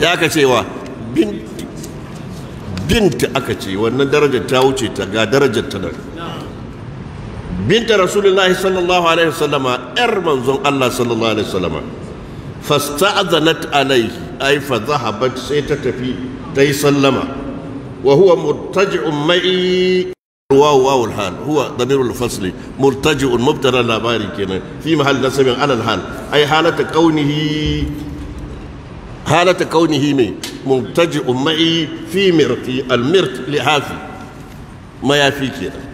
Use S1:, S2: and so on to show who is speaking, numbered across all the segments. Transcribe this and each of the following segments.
S1: ya ka cewa binta aka ce wannan darajar ta wuce ta ga darajar ta nan. binta rasulullahi sallallahu alaihi wasallama yar manzon Allah sallallahu alaihi wasallama fasta'zanat alaihi ai fa zahabat sai ta tafi dai sallama wa huwa murtaji'un ma'i واو واو الحال هو ضمير الفصل مرتجع مبتدا لا باري kenan, fi محل نسب على الحال Ai حاله كونه halata kaunihi mai mubtaji umma'i fi mirti almirt lihafi mayafi kenan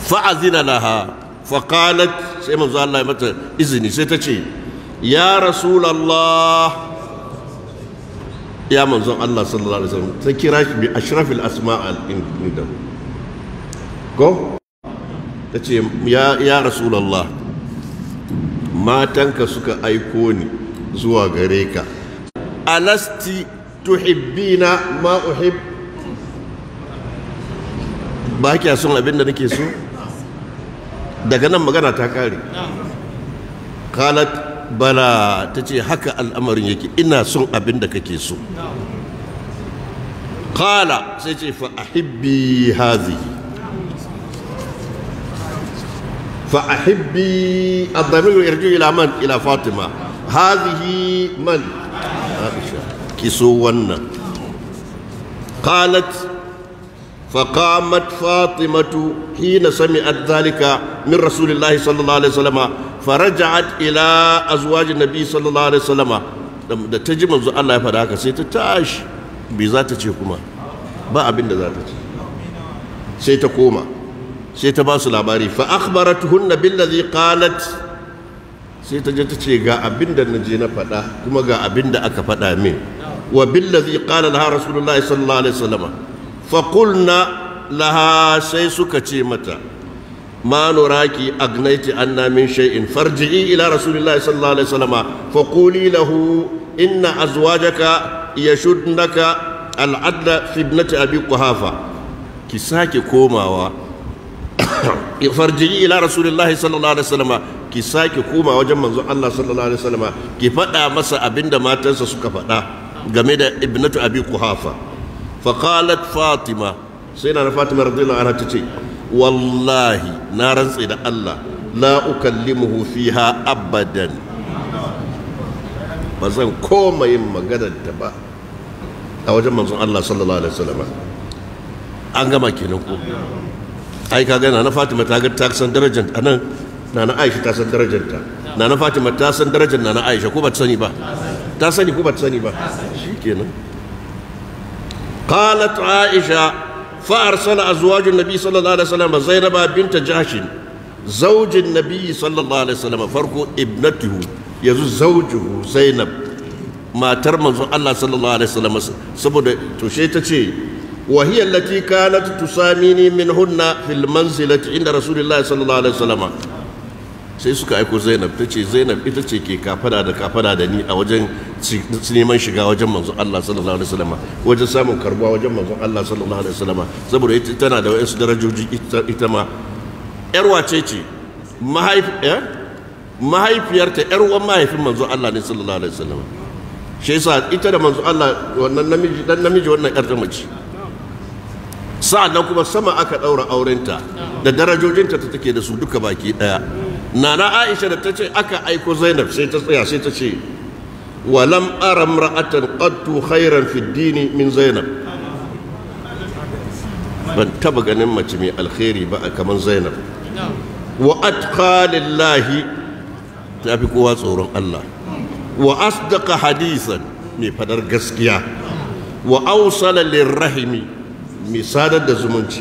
S1: fa'azina laha faqalat sai manzo Allah ya izini sai ta ce ya rasulullah ya manzon Allah sallallahu alaihi wasallam kira shi bi ashrafil asma' al-inda ko ta ce ya matanka suka aiko ni zuwa gare ka alasti tuhibbina ma uhib ba kya son abinda da nake so daga nan magana ta kare qalat bala tace haka al'amarin yake ina son abin da kake so qala sai ce fa ahibbi hadhihi fa ahibbi adamu yarju ila man ila fatima hazihi man aisha kiso wannan qalat فقامت fatimatu hina سمعت ذلك من رسول الله صلى الله عليه وسلم فرجعت إلى أزواج النبي صلى da ta manzo Allah ya faɗa haka sai ta tashi bai za ta ce kuma ba abin da za ta ce sai ta koma sai ta ba su labari fa akhbaratuhunna billazi qalat sai ta je ta ce ga abin da na je na faɗa kuma ga abin da aka faɗa min wa billazi qala laha rasulullahi sallallahu alaihi wasallam fa qulna laha sai suka ce mata ma nuraki agnaiti anna min shay'in farji'i ila rasulillahi sallallahu alaihi wasallam fa quli lahu inna azwajaka yashudnaka al'adla fi ibnati abi quhafa ki sake komawa farji'i ila rasulillahi sallallahu alaihi wasallam ki sake koma wajen manzon Allah sallallahu alaihi wasallam ki faɗa masa abinda matansa suka faɗa game da ibnatu abi kuhafa fa qalat fatima sai na fatima radiyallahu anha tace wallahi na rantse da Allah la ukallimuhu fiha abadan ba zan koma yin maganar ta ba a wajen manzon Allah sallallahu alaihi wasallam an gama kenan ko ai ka gana na Fatima ta ga ta san darajar anan nana aisha ta san darajarta nana fatima ta san darajar nana aisha ko ba ta sani ba ta sani ko ba ta sani ba shikenan qalat aisha fa arsala azwajun nabi sallallahu alaihi wasallam zainaba bint jahsh zaujin nabi sallallahu alaihi wasallam farko ibnatuhu yanzu zaujuhu zainab matar manzon Allah sallallahu alaihi wasallam saboda to she ta ce wa hiya allati kanat tusamini minhunna fil manzilati inda rasulullahi sallallahu alaihi wasallam sai suka aiko zainab ta ce zainab ita ce ke kafada da kafada da ni a wajen neman shiga wajen manzon Allah sallallahu alaihi wasallam wajen samun karbuwa wajen manzon Allah sallallahu alaihi wasallam saboda ita tana da wasu darajoji ita ma yar wace ce eh? mahaifiyarta yar uwan mahaifin manzon Allah ne sallallahu alaihi wasallam shi yasa ita da manzon Allah wannan namiji dan namiji wannan yar ta mace sa'annan kuma sama aka daura aurenta da darajojinta ta take da su duka baki daya nana aisha da ta ce aka aiko zainab sai ta tsaya sai ta ce walam ara ra'atan qattu khairan fi dini min zainab ban taba ganin mace mai alkhairi ba kamar zainab wa atqa lillahi ta fi kowa tsoron Allah wa asdaqa hadisan mai fadar gaskiya wa awsala lirrahimi mai sadar da zumunci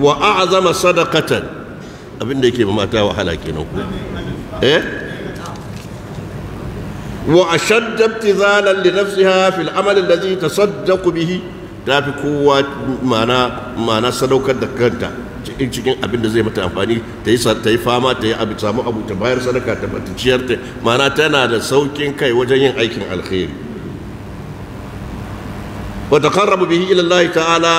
S1: wa a'zama sadaqatan abinda yake ma mata wahala kenan ku eh wa ashadda ibtizalan li nafsiha fil amal alladhi tasaddaqu bihi tafi kowa mana mana sadaukar da kanta cikin cikin abin da zai mata amfani ta yi ta yi fama ta yi abu samu abu ta bayar sadaka ta bata ciyar ta mana tana da saukin kai wajen yin aikin alkhairi wa taqarrabu bihi ila Allah ta'ala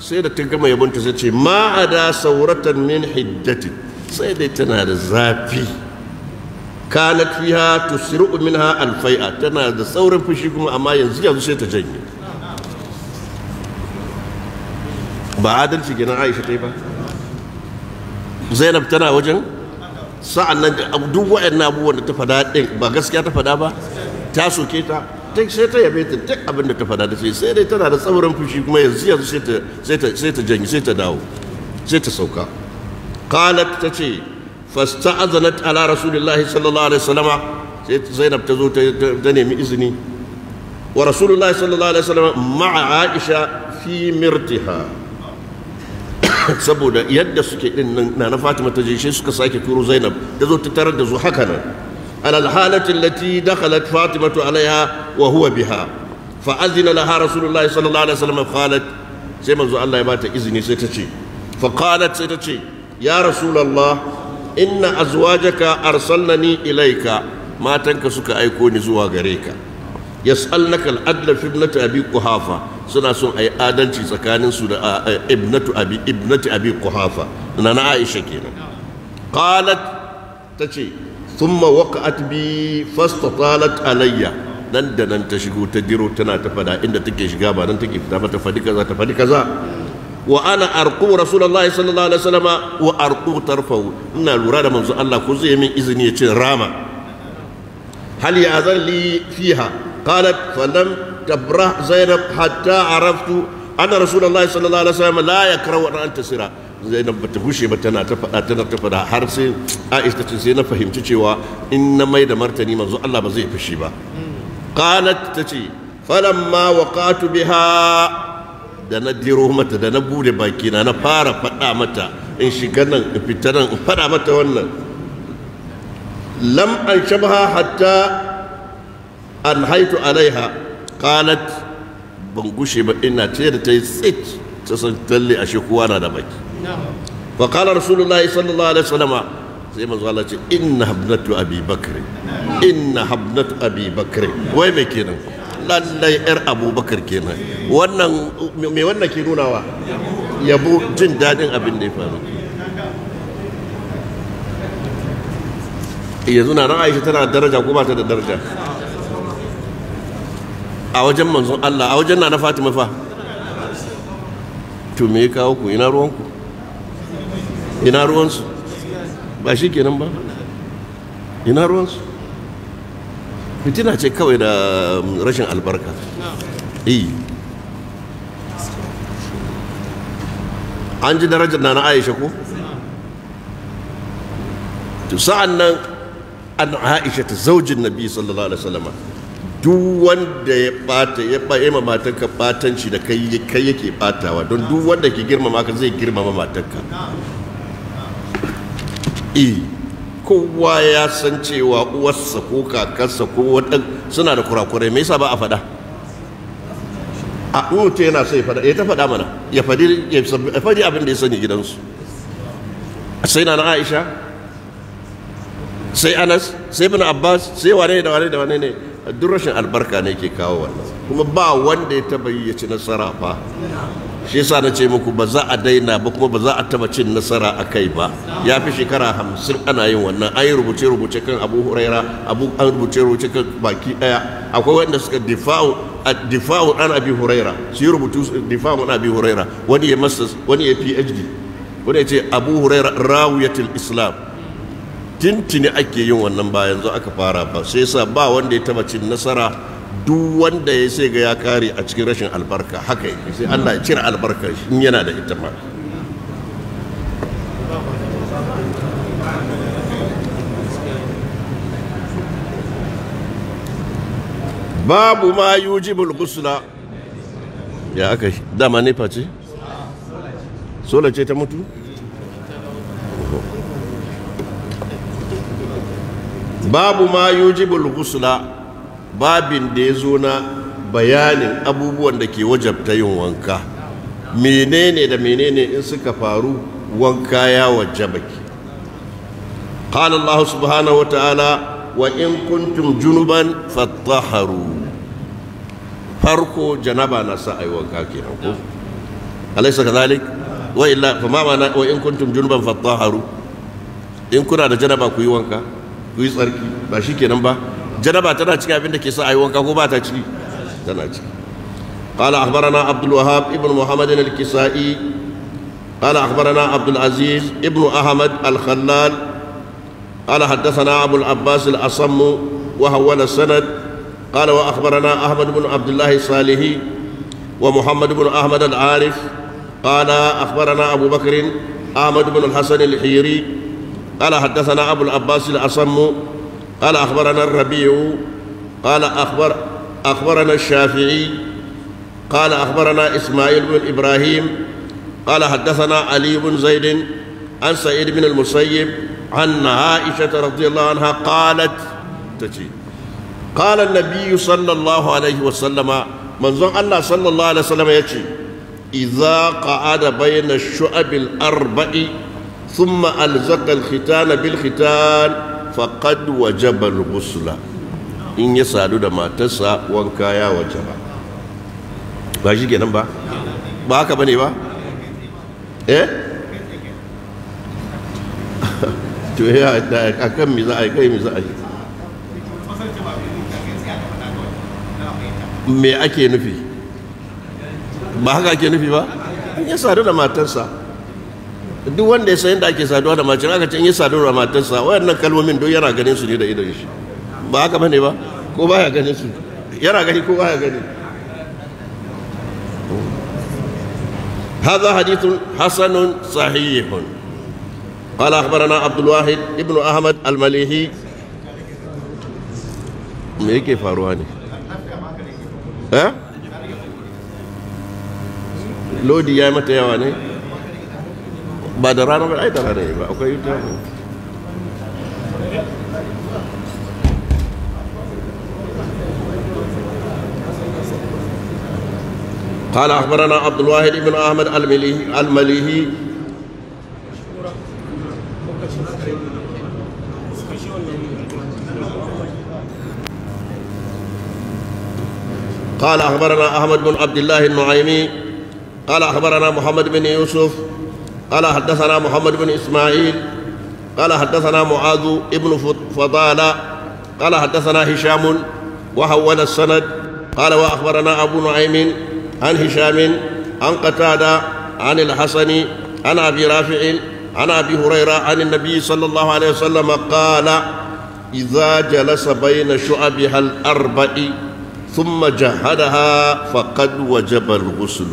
S1: sai da ta gama yabonta sai ce ma'ada da sauratan min hiddati sai dai tana da zafi kanat fiha tusri'u minha alfai'a tana da saurin fushi kuma amma yanzu yanzu sai ta janye ba adalci gina Aisha ta ba Zainab tana wajen sa'an nan duk waɗannan abubuwan da ta fada ɗin ba gaskiya ta fada ba ta soke ta duk sai ta yabe ta duk abin da ta faɗa da ce sai dai tana da tsaurin fushi kuma yanzu yanzu sai ta sai ta sai ta janyi sai ta dawo sai ta sauka qalat ta ce fasta'azanat ala rasulillahi sallallahu alaihi wasallama sai Zainab ta zo ta nemi izini wa rasulullahi sallallahu alaihi wasallama ma'a Aisha fi mirtiha saboda yadda suke din nan na Fatima ta je shi suka sake turo Zainab ta zo ta tarar da zu haka nan على الحالة التي دخلت فاطمة عليها وهو بها فأذن لها رسول الله صلى الله عليه وسلم قالت سيما الله يبات إذني ستتشي فقالت ستتشي يا رسول الله إن أزواجك أرسلني إليك ما تنكسك أيكوني زوا غريك يسألنك العدل في ابنة أبي قحافة سنة سن أي آدل سكان سنة ابنة أبي ابنة أبي قحافة أنا عائشة كينا قالت تشي thumma waqa'at bi fastatalat alayya nan da nan ta shigo ta jiro tana ta fada inda take shiga ba nan take fita ba ta fadi kaza ta fadi kaza wa ana arqu rasulullahi sallallahu alaihi wasallam wa arqu tarfahu ina lura da manzo Allah ko zai min izini ya ce rama hal ya zan li fiha qalat falam tabrah zainab hatta araftu anna rasulullahi sallallahu alaihi wasallam la yakrahu an tasira zainab bata gushe ba tana ta faɗa tana ta faɗa har sai aisha ce sai na fahimci cewa in na mai da martani manzo Allah ba zai fushi ba qalat tace falamma waqatu biha da na diro mata da na bude bakina na fara faɗa mata in shiga nan in fita nan in faɗa mata wannan lam an shabaha hatta an haitu alaiha kanat ban gushe ba ina ce da ta yi tsit ta san talle ashe kowa na da baki فقال رسول الله صلى الله عليه وسلم زي ما قال inna habnatu abi inna habnatu abi bakr kenan lallai yar abubakar wannan me wannan ke nunawa yabo jin dadin abin da ya faru yanzu na ran aisha tana daraja ko ba ta da daraja a wajen manzon Allah a wajen na na Fatima fa to me ya kawo ku ina ruwanku ina ruwansu ba shi kenan ba ina ruwansu fitina ce kawai da um, rashin albarka iyi eh. an ji darajar na na aisha ko sa'an nan an aisha ta zaujin nabi sallallahu alaihi wasallam duk wanda ya bata ya ma matanka batanci da kai yake batawa don duk wanda ke girmama ka zai girmama matanka. e kowa ya san cewa uwarsa ko kakarsa ko wadan suna da kurakurai me yasa ba a faɗa a mutum yana sai ya faɗa ya ta faɗa mana ya faɗi abin da ya sani gidansu sai na Aisha sai Anas sai bin Abbas sai wane da wane da wane ne duk rashin albarka ne ke kawo wannan kuma ba wanda ya taba yi ya ci nasara fa shi yasa na ce muku ba za a daina ba kuma ba za a taba cin nasara a kai ba ya fi shekara hamsin ana yin wannan an yi rubuce rubuce kan abu huraira abu an rubuce rubuce kan baki daya akwai wanda suka difa'u difa'u ana bi huraira su yi rubutu difa'u ana bi huraira wani ya masters wani ya phd wani ya ce abu huraira rawiyatul islam tintini ake yin wannan bayan zo aka fara ba sai yasa ba wanda ya taba cin nasara duk wanda ya sai ga ya kare a cikin rashin albarka haka sai Allah ya cire albarkar shi yana da ita ma babu ma yujibul ghusla ya aka yi dama ne face sola ce ta mutu babu ma yujibul ghusla babin da ya zo na bayanin abubuwan da ke wajabta yin wanka menene da menene in suka faru wanka ya wajaba ki قال الله سبحانه وتعالى وإن كنتم جنبا فاتطهروا فرقوا جنبا نساء وكاكي أليس كذلك وإلا فما معنى وإن كنتم جنبا فاتطهروا إن كنا جنبا كوي وانكا كوي shi ke nan نمبا janaba tana cikin abin da ke sa ayi wanka ko ba ta ciki tana ciki قال أخبرنا عبد الوهاب ابن محمد الكسائي قال أخبرنا عبد العزيز ابن أحمد الخلال قال حدثنا أبو العباس الأصم وهو السند قال وأخبرنا أحمد بن عبد الله الصالحي ومحمد بن أحمد العارف قال أخبرنا أبو بكر أحمد بن الحسن الحيري قال حدثنا أبو العباس الأصم قال أخبرنا الربيع قال أخبر أخبرنا الشافعي قال أخبرنا إسماعيل بن إبراهيم قال حدثنا علي بن زيد عن سعيد بن المسيب عن عائشة رضي الله عنها قالت تجي قال النبي صلى الله عليه وسلم من ظن الله صلى الله عليه وسلم يجي إذا قعد بين الشعب الأربع ثم ألزق الختان بالختان faqad wajaba al-ghusla in ya sadu da matarsa wanka ya wajaba ba shi kenan ba ba haka bane ba eh to ya ta akan mi za a yi kai mi za a yi me ake nufi ba haka ake nufi ba in ya sadu da matarsa duk wanda ya sayan da ake saduwa da macin aka ce in yi saduwa da matarsa wayannan kalmomin duk yana ganin su ne da idon shi ba haka bane ba ko baya ganin su yana gani ko baya gani هذا حديث حسن صحيح قال أخبرنا عبد الواحد ابن أحمد المليحي ميكي فارواني ها لودي يا متى يا واني بعد رانا بالعيد اوكي قال اخبرنا عبد الواحد بن احمد المليهي المليهي قال اخبرنا احمد بن عبد الله النعيمي قال اخبرنا محمد بن يوسف قال حدثنا محمد بن إسماعيل قال حدثنا معاذ ابن فضالة قال حدثنا هشام وحول السند قال وأخبرنا أبو نعيم عن هشام عن قتادة عن الحسن عن أبي رافع عن أبي هريرة عن النبي صلى الله عليه وسلم قال إذا جلس بين شعبها الأربع ثم جهدها فقد وجب الغسل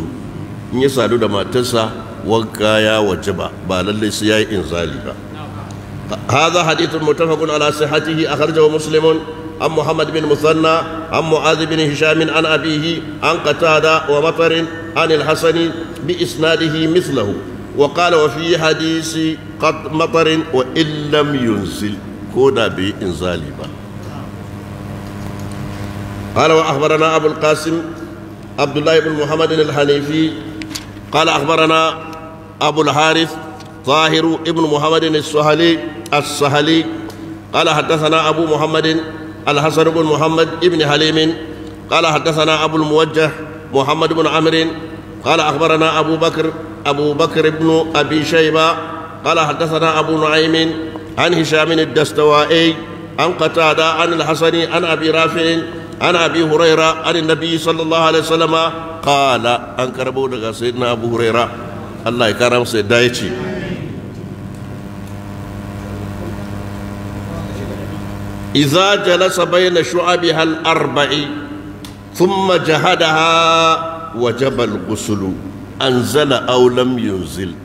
S1: in ya sadu da matarsa وقايا وجبا wajaba ba انزالي با هذا حديث متفق على صحته أخرجه مسلم عن محمد بن مثنى عن معاذ بن هشام عن أبيه عن قتادة ومطر عن الحسن بإسناده مثله وقال وفي حديث قد مطر وإن لم ينزل كون با قال وأخبرنا أبو القاسم عبد الله بن محمد الحنيفي قال أخبرنا أبو الحارث طاهر ابن محمد السهلي السهلي قال حدثنا أبو محمد الحسن بن محمد ابن حليم قال حدثنا أبو الموجه محمد بن عمرو قال أخبرنا أبو بكر أبو بكر بن أبي شيبة قال حدثنا أبو نعيم عن هشام الدستوائي عن قتادة عن الحسن عن أبي رافع عن أبي هريرة عن النبي صلى الله عليه وسلم قال أنكر سيدنا أبو هريرة Allah ya kara masa yadda ya ce iza jalasa bayyana shu'abi hal arba'i thumma jahadaha wa jabal gusulu an zana aulan yunzil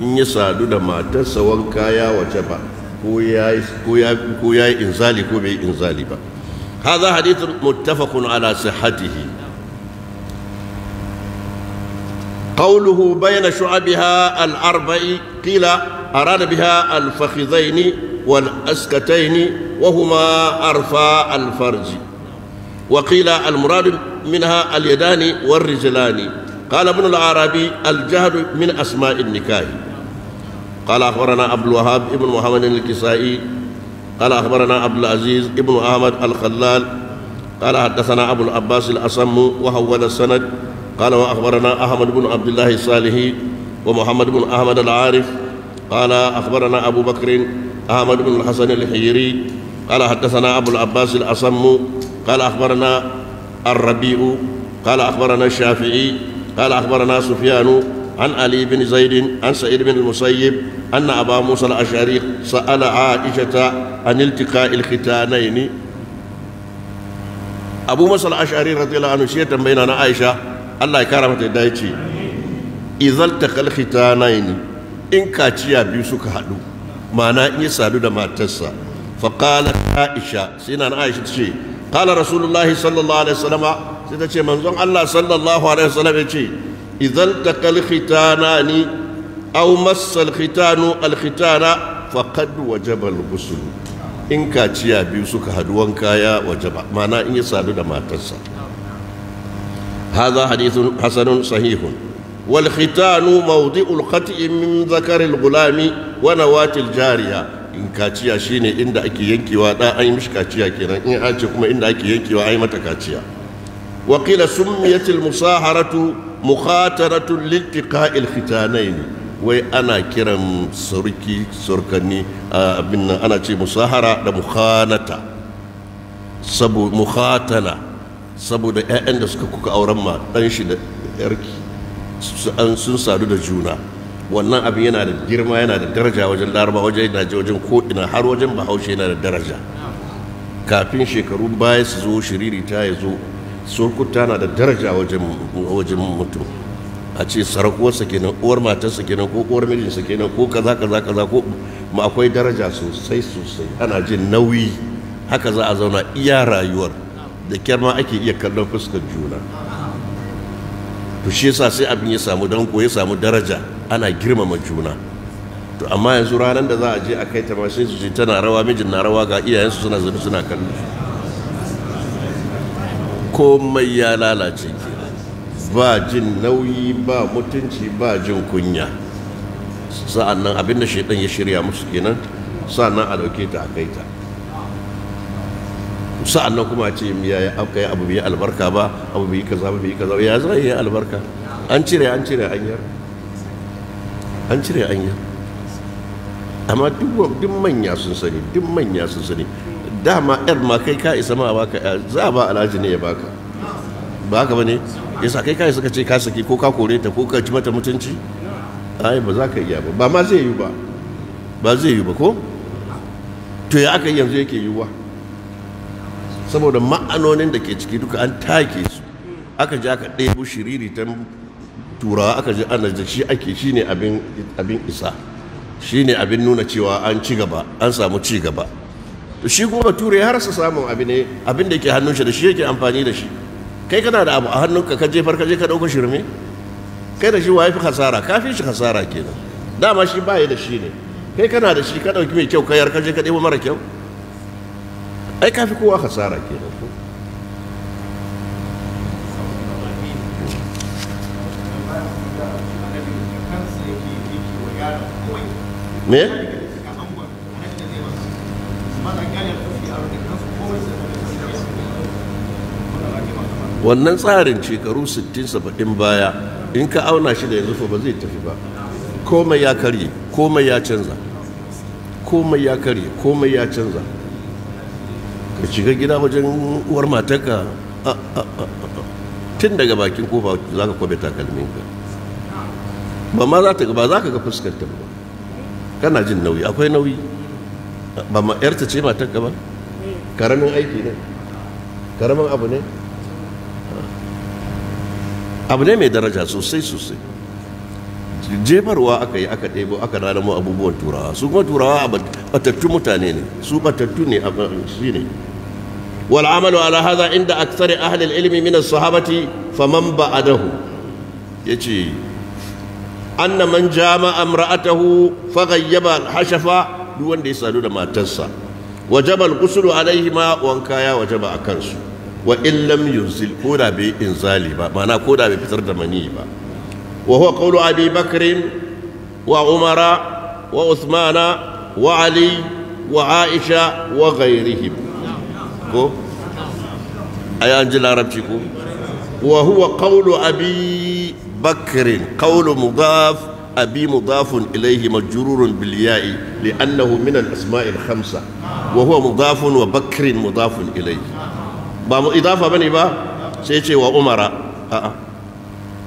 S1: in ya sadu da matarsa wanka ya waje ba ko ya yi inzali ko bai inzali ba haza hadithun muttafaqun ala sihatihi قوله بين شعبها الأربع قيل أراد بها الفخذين والأسكتين وهما أرفا الفرج وقيل المراد منها اليدان والرجلان قال ابن العربي الجهد من أسماء النكاه قال أخبرنا عبد الوهاب ابن محمد الكسائي قال أخبرنا عبد العزيز ابن أحمد الخلال قال حدثنا أبو العباس الأصم وهول السند قال وأخبرنا أحمد بن عبد الله الصالحي ومحمد بن أحمد العارف قال أخبرنا أبو بكر أحمد بن الحسن الحيري قال حدثنا أبو العباس الأصم قال أخبرنا الربيع قال أخبرنا الشافعي قال أخبرنا سفيان عن علي بن زيد عن سعيد بن المسيب أن أبا موسى الأشعري سأل عائشة عن التقاء الختانين أبو موسى الأشعري رضي الله عنه شيئا بيننا عائشة Allah ya kara mata yadda ya ce izal na khitanaini in kaciya biyu suka haɗu ma'ana in ya sadu da matarsa fa qalat aisha sai na aisha ta ce qala rasulullahi sallallahu alaihi wasallam sai ta ce manzon Allah sallallahu alaihi wasallam ya ce izal takal khitanani aw massal khitanu al khitana faqad wajaba al ghusl in kaciya biyu suka haɗu wanka ya wajaba ma'ana in ya sadu da matarsa هذا حديث حسن صحيح والختان موضع القطع من ذكر الغلام ونواة الجارية in kaciya shine inda ake yankewa da an yi mishi kaciya kenan in an ce kuma inda ake yankewa ai mata kaciya wa qila summiyat al musaharatu mukhataratu liltiqa'i al khitanayn wai ana kiran surki surkanni abin ana ce musahara da mukhanata sabu mukhatana saboda 'ya'yan da suka kuka auren ma ɗan shi da yarki sun sadu da juna wannan abin yana da girma yana da daraja wajen laraba wajen da wajen ko'ina har wajen bahaushe yana da daraja kafin shekaru baya su zo shiriri ta ya zo surkuta na da daraja wajen mutum a ce sarakuwarsa kenan uwar matarsa kenan ko uwar mijinsa kenan ko kaza kaza kaza ko ma akwai daraja sosai sosai ana jin nauyi haka za a zauna iya rayuwar da kyar ma ake iya kallon fuskar juna to shi yasa sai abin ya samu danko ya samu daraja ana girmama juna to amma yanzu ranar da za a je a kai ta mashin su tana rawa mijin na rawa ga iyayensu suna zaune suna kallo komai ya lalace ke ba jin nauyi ba mutunci ba jin kunya sa'annan abinda shaidan ya shirya musu kenan sa'annan a dauke ta a kai ta sa'an nan kuma ce ya yi abu bai albarka ba abu bai kaza ba bai kaza ba ya zai yi albarka an cire an cire anyar an cire anyar amma duk duk manya sun sani duk manya sun sani dama yar ma kai ka isa ma baka eh, za ba alhaji ne ya baka ba haka bane yasa kai ka isa ka ce ka saki ko ka kore ta ko ka ci mata mutunci ai ba za ka iya ba ba ma zai yi ba ba zai yi ba ko to ya aka yanzu yake yiwuwa saboda ma'anonin da ke ciki duka an take su aka ji aka ɗebo shiriri ta turawa aka ji ana da shi ake shi ne abin isa shi ne abin nuna cewa an ci gaba an samu ci gaba to shi kuma bature ya rasa samun abin ne abin da ke hannun shi da shi yake amfani da shi kai kana da abu a hannunka ka jefar ka je ka ɗauka shirme kai da shi wa fi hasara kafin shi hasara kenan dama shi baya da shi ne kai kana da shi ka ɗauki mai kyau kayar ka je ka ɗebo mara kyau ai ka fi kowa hasara ke da ko me wannan tsarin shekaru 60-70 baya in ka auna shi da yanzu fa ba zai tafi ba komai ya karye komai ya canza komai ya karye komai ya canza ka shiga gida wajen uwar matarka tun daga bakin kofa za ka kwabe ka ba ma za ta ba za ka ga ta ba kana jin nauyi akwai nauyi ba ma yarta ce matarka ba karamin aiki ne karamin abu ne abu ne mai daraja sosai sosai jefarwa aka yi aka ɗebo aka raramo abubuwan turawa su kuma turawa batattu mutane ne su batattu ne shi ne wal amalu ala hadha inda aktsari ahli ilmi min as-sahabati faman ba'adahu yace anna man jama'a imra'atahu faghayyaba al-hashafa duk wanda ya sadu da matarsa wajaba al-ghuslu alaihima wanka ya wajaba akansu wa illam yunzil koda bai inzali ba ma'ana koda bai fitar da mani ba وهو قول أبي بكر وعمر وعثمان وعلي وعائشة وغيرهم أي أنجل عربتكم وهو قول أبي بكر قول مضاف أبي مضاف إليه مجرور بالياء لأنه من الأسماء الخمسة وهو مضاف وبكر مضاف إليه ba mu idafa bane ba sai ce wa umara a'a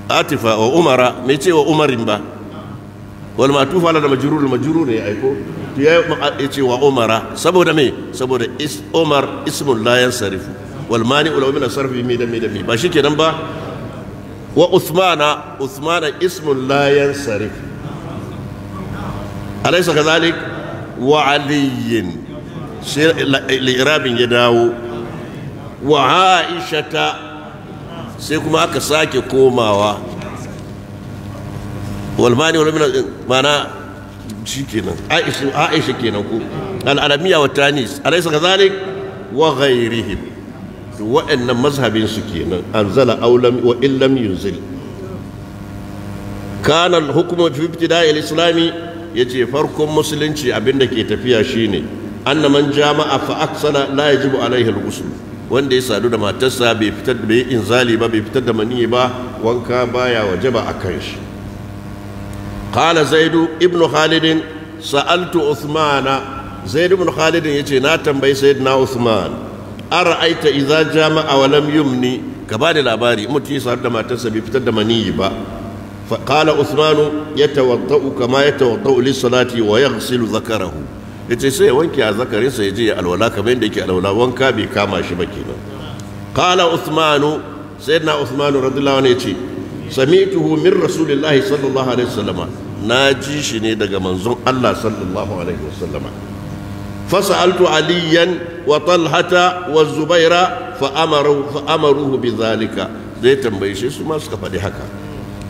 S1: atifa wa umara me ce wa umarin ba wal matufa la da majrur majrur ya aiko to ya ce wa umara saboda me saboda is umar ismul la yansarifu wal mani ulaw min sarfi mi da mi da mi ba shikenan ba wa uthmana uthmana ismul la yansarifu alaysa kadhalik wa aliyin shi al-irabin ya dawo wa aishata sai kuma aka sake komawa walmani wani mana shi kenan aisha kenan ko al'alamiya wa tanis alaisa zalik wa ghairihim wa'annan mazhabin su kenan anzala aulam wa illam yunzil kana hukumu fi ibtida'i al-islami yace farkon musulunci abinda ke tafiya shine annaman jama'a fa aksala la yajibu alaihi al-ghusl wanda ya sadu da matarsa bai fitar da bai inzali ba bai fitar da mani ba wanka baya waje wajaba akan shi Kala Zaidu ibn Khalidin sa'altu uthmana Zaidu ibn khalid yace na tambayi sayyidina Usman. ara'aita idza jama'a wa lam yumni ka ba da labari mutum ya sadu da matarsa bai fitar da mani ba Kala Usmanu فقال عثمان يتوضأ كما يتوضأ للصلاة ويغسل ذكره yace sai ya wanke a Zakarinsa ya yaje ya alwala kamar yadda yake alwala wanka bai kama shi ba kenan qala usmanu sayyidina usmanu radiyallahu anhu yace sami'tuhu min rasulillahi sallallahu alaihi wasallama na ji shi ne daga manzon Allah sallallahu alaihi wasallama فسألت عليا وطلحة والزبير فأمروا فأمروه بذلك زي تنبيشي ثم سكفدي حكا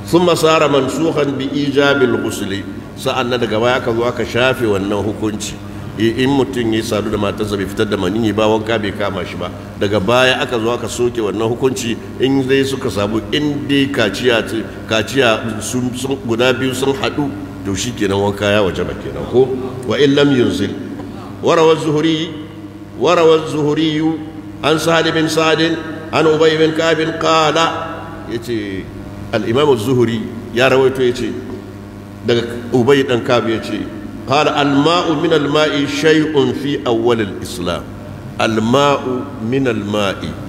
S1: ثم صار منسوخا بإيجاب الغسل sa'an nan daga baya aka zo aka shafe wannan hukunci in mutum ya sadu da matarsa bai fitar da maniyi ba wanka bai kama shi ba daga baya aka zo aka soke wannan hukunci in dai suka samu in dai kaciya kaciya sun guda biyu sun haɗu to shi kenan wanka ya waje ba kenan ko wa in lam yunzil warawar zuhuri warawa zuhuri an sa'ad bin sa'ad an ubay bin ka'ab qala yace al-imam az-zuhri ya rawaito yace daga ubai dan kab yace ce, al almau min al shay'un fi awwal islam Almau min al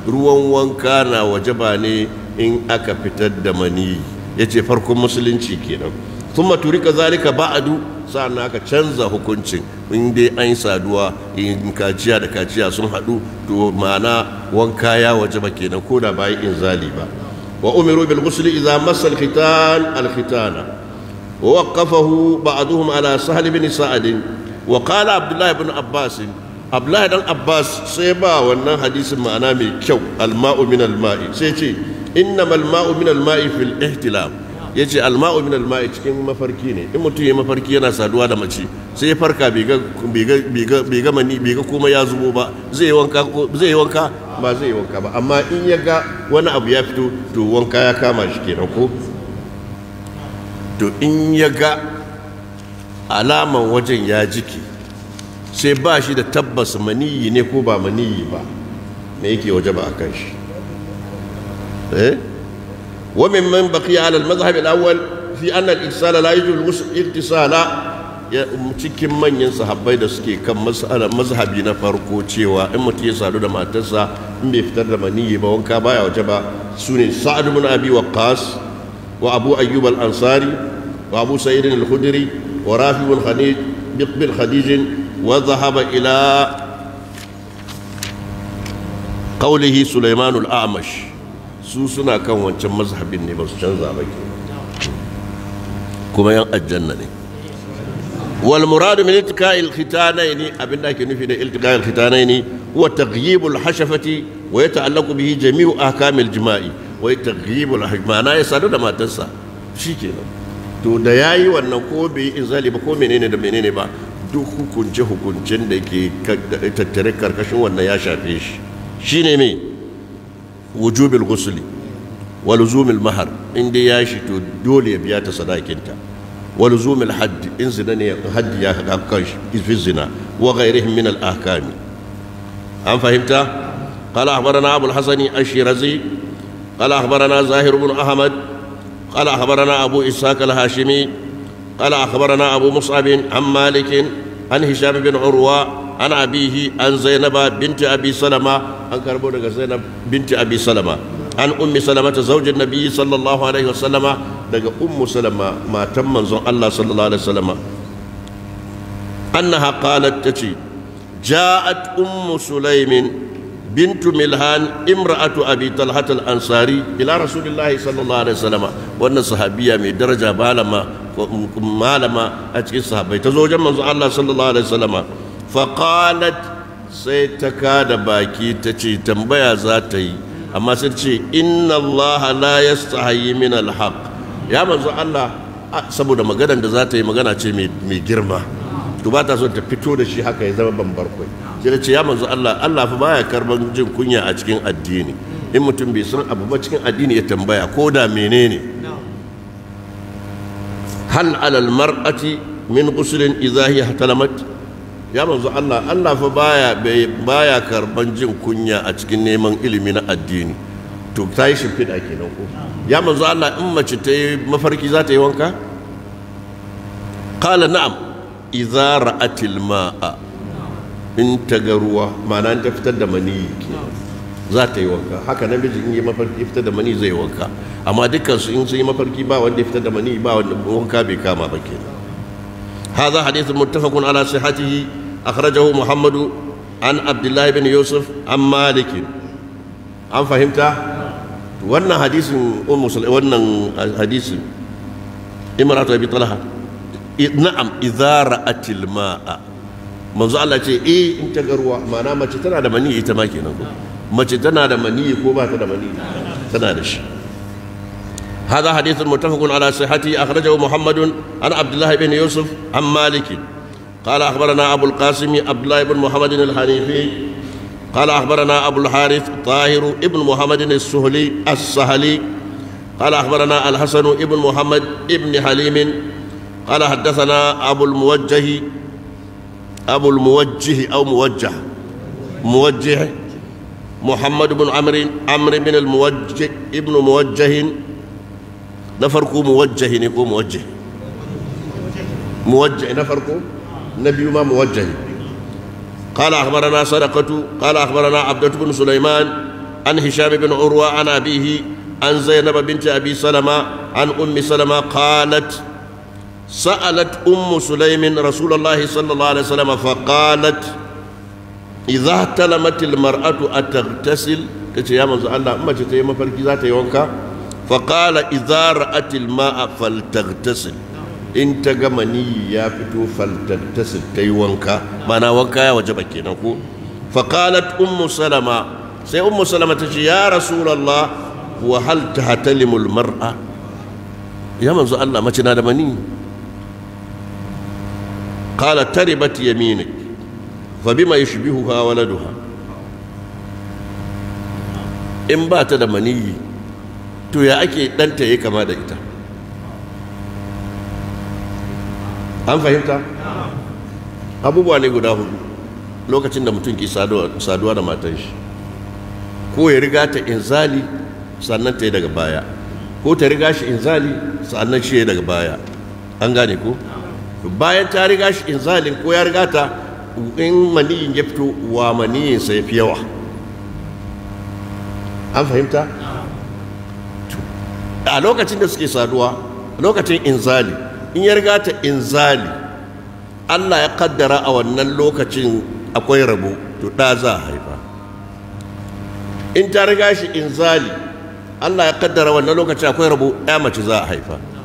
S1: ruwan wanka na wajaba ne in aka fitar da mani yace farkon musulunci kenan thumma turika zalika ba'du sa'an aka canza hukuncin in dai an saduwa in kaciya da kaciya sun haɗu to ma'ana wanka ya wajaba kenan ko da bayan inzali ba wa umiru bil ghusli idza massa al-khitan al-khitana ووقفه بعضهم على سهل بن سعد وقال عبد الله بن عباس عبد الله بن عباس سيبا wannan hadisin ma'ana mai kyau alma'u min sai ce innamal ma'u min alma'i fil yace alma'u min cikin mafarki ne in mutum ya mafarki yana saduwa da mace sai ya farka bai ga bai ga mani bai ga ya zubo ba zai wanka zai wanka ba zai wanka ba amma in ya ga wani abu ya fito to wanka ya kama shi kenan ko to in ya ga alaman wajen ya jiki sai ba shi da tabbas maniyi ne ko ba maniyi ba me yake waje ba a kan shi ومن من بقي على المذهب الأول في أن الإغسال لا يجوز ya um, cikin manyan sahabbai da suke kan mas'alar mazhabi na farko cewa in mutum ya sadu da matarsa in bai fitar da maniyi ba wanka baya waje ba su ne sa'ad bin abi waqas وأبو أيوب الأنصاري وأبو سعيد الخدري ورافع الخديج بن خديج وذهب إلى قوله سليمان الأعمش سوسنا كان وانشان مذهب إني بسشان زابك كما ينقى الجنة والمراد من التقاء الختانين أبنى كنفي التقاء الختانين هو تغييب الحشفة ويتعلق به جميع أحكام الجماعي wai taghibul ma'ana ya sadu da matarsa nan. to da yayi wannan ko bai zali ba ko menene da menene ba duk hukunce hukuncin da ke tattare karkashin wannan ya shafe shi shine mai wujubil gusuli wa zumil mahar in dai ya shi to dole ya biya ta sadakinta wa zumil haddi. in zina ne haddi ya kan shi fi zina wa ghairihim min al ahkami an fahimta qala akhbarana abul hasani ash قال أخبرنا زاهر بن أحمد قال أخبرنا أبو إسحاق الهاشمي قال أخبرنا أبو مصعب عن مالك عن هشام بن عروة عن أبيه عن زينب بنت أبي سلمة عن كربونة زينب بنت أبي سلمة عن أم سلمة زوج النبي صلى الله عليه وسلم دق أم سلمة ما تم الله صلى الله عليه وسلم أنها قالت تشي جاءت أم سليم Bintu ملهان امرأة أبي طلحة الأنصاري إلى رسول الله صلى الله عليه وسلم وأن صحابية من malama a cikin sahabbai ta zo wajen manzo sallallahu alaihi wasallam fa qalat sai ta da baki ta ce tambaya za ta yi amma sai ce inna Allah la yastahi min alhaq ya manzo Allah saboda maganar da za ta yi magana ce mai girma to ba ta so ta fito da shi haka ya zama bambar kwai sai ce ya manzo Allah Allah fa baya karban jin kunya a cikin addini in mutum bai san abu ba cikin addini ya tambaya ko da menene hal alal mar'ati min ghuslin idza hiya talamat ya manzo Allah Allah fa baya baya karban jin kunya a cikin neman ilimi na addini to ta yi shimfiɗa kenan ko ya manzo Allah in mace ta yi mafarki za ta yi wanka qala na'am idza ra'atil ma'a in ta ga ruwa ma'ana ta fitar da mani maniyi za ta yi wanka haka namiji in yi mafarki fitar da mani zai wanka amma dukkan su in sun yi mafarki ba wanda ya fitar da mani ba wanda wanka bai kama ba ke kenan hadha hadithun muttafaqun ala sihhatihi akhrajahu muhammadu an abdullahi bin yusuf an malik an fahimta wannan hadisin ummu wannan hadisin imratu abi talha na'am idza ra'atil ma'a manzo Allah ce eh in ta ga ruwa ma'ana mace tana da mani ita ma kenan ko mace tana da mani ko ba ta da mani tana da shi هذا حديث متفق على صحته أخرجه محمد عن عبد الله بن يوسف عن مالك قال أخبرنا أبو القاسم عبد الله بن محمد الحنيفي قال أخبرنا أبو الحارث طاهر ابن محمد السهلي السهلي قال أخبرنا الحسن ابن محمد ابن حليم قال حدثنا أبو الموجه أبو الموجه أو موجه موجه محمد بن عمرو عمرو بن الموجه ابن موجه نفركو موجه نكو موجه موجه نفركو نبي ما موجه قال أخبرنا صدقة قال أخبرنا عبدة بن سليمان عن هشام بن عروة عن أبيه عن زينب بنت أبي سلمة عن أم سلمة قالت سألت أم سليم رسول الله صلى الله عليه وسلم فقالت إذا احتلمت المرأة أتغتسل تتي يا منزل الله أما تتي ما فرقي ذات يونكا فقال إذا رأت الماء فلتغتسل إن تغمني يا فتو فلتغتسل تي وانكا ما أنا وانكا يا وجبك فقالت أم سلمة سي أم سلمة تتي يا رسول الله وهل تهتلم المرأة يا منزل الله ما تنادمني قال تربت يمينك فبما يشبهها ولدها in ba ta da maniyi to ya ake ɗanta ya kama da ita an fahimta abubuwa ne guda hudu lokacin da mutum ke saduwa da matan ko ya riga ta inzali sannan ta yi daga baya ko ta riga shi inzali sannan shi ya daga baya an gane ko bayan ta riga shi inzalin ko ya riga ta in maniyin ya fito wa maniyin sai fi yawa an fahimta a lokacin da suke saduwa lokacin inzali in ya riga ta inzali Allah ya kaddara a wannan lokacin akwai rabo to da za a haifa in ta riga shi inzali Allah ya kaddara wannan lokacin akwai rabo ɗa mace za a haifa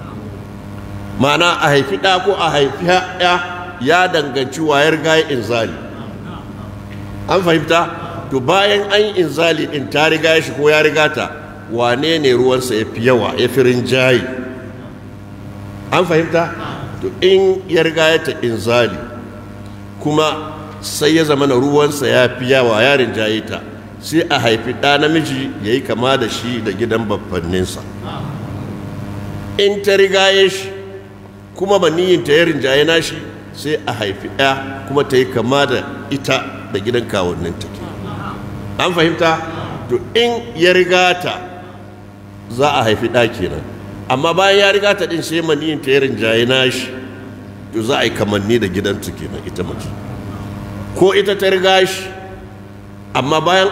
S1: ma'ana a haifi ɗa ko a haifi ya ya danganci wayar gaya inzali an fahimta to bayan an inzali in ta riga ya shi ko ya riga ta wane ne ruwansa ya fi yawa ya fi rinjaye an fahimta to in ya riga ya ta inzali kuma sai ya zama na ruwansa ya fi yawa ya rinjaye ta sai a haifi ɗa namiji ya yi kama da shi da gidan babbanninsa in ta riga shi kuma maniyin ta ya rinjaye nashi sai a haifi ɗaya kuma ta yi kama da ita da gidan ta ke. an fahimta to in ya riga ta za a haifi ɗa kenan amma bayan ya riga ta ɗin sai maniyin ta ya rinjaye nashi to za a yi kamanni da gidan ta kenan ita mace ko ita ta riga shi amma bayan